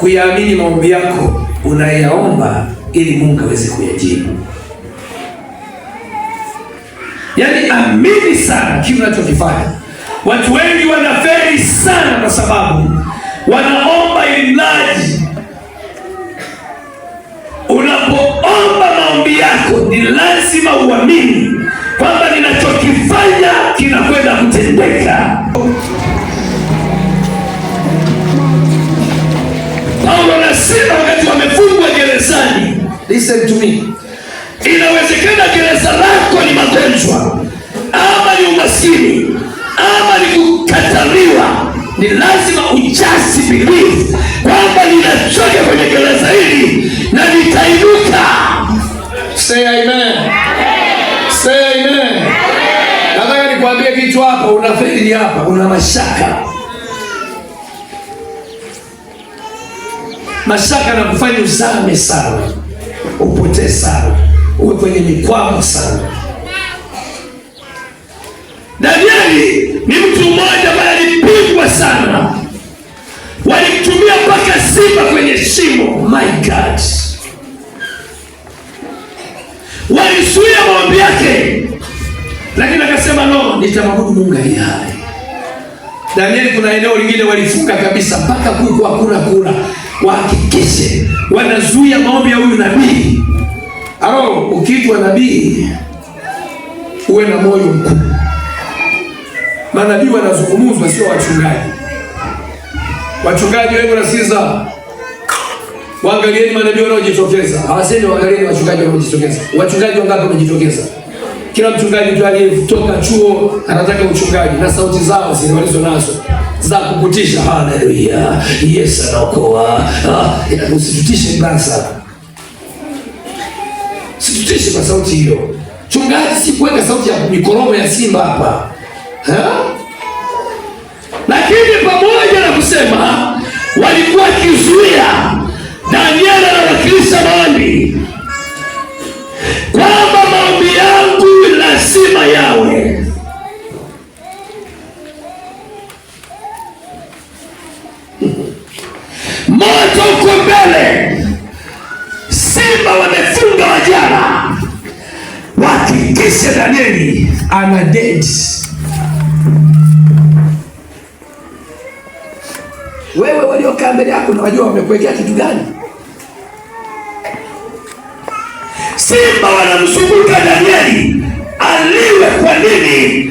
kuyaamini maombi yako unayaomba ili Mungu aweze kuyajibu. Yaani amini sana kile unachokifanya. Watu wengi wanafeli sana kwa sababu wanaomba ili Unapoomba maombi yako ni lazima uamini listen to me. Inawezekana gereza lako ni magonjwa ama ni umaskini ama ni kukataliwa, ni lazima ujasi believe kwamba ninachoka kwenye gereza hili na nitainuka. Say amen. Say amen. Nataka nikwambie kitu hapa, unafeli hapa, una mashaka mashaka na kufanya uzame sana upotee sana, uwe kwenye mikwamo sana. Danieli ni mtu mmoja ambaye alipigwa sana, walimtumia mpaka simba kwenye shimo. My God, walisuia maombi yake, lakini akasema no, nitamwabudu Mungu aliye hai. Danieli, kuna eneo lingine walifunga kabisa mpaka kuku hakuna kula wahakikishe wanazuia maombi ya huyu nabii. Aro, ukiitwa nabii uwe na moyo mkuu. Manabii wanazungumzwa, sio wachungaji. Wachungaji wengi nasikiza, waangalieni manabii wanaojitokeza. Hawasemi waangalieni wachungaji wanaojitokeza. Wachungaji wangapi wamejitokeza? Kila mchungaji tu aliyetoka chuo anataka uchungaji, na sauti zao zile walizo nazo za kukutisha. Haleluya, Yesu anaokoa. Ah, usitutishe basa, situtishe kwa sauti hiyo. Chungaji, si kuweka sauti ya mikoromo ya simba hapa Lakini pamoja na kusema walikuwa kizuia na anawakilisha maombi moto uko mbele. Simba wamefunga wajana, wakitisha Danieli ana dedi. Wewe waliokaa mbele yako na wajua wamekuwekea kitu gani? Simba wanamzunguka Danieli aliwe kwa nini?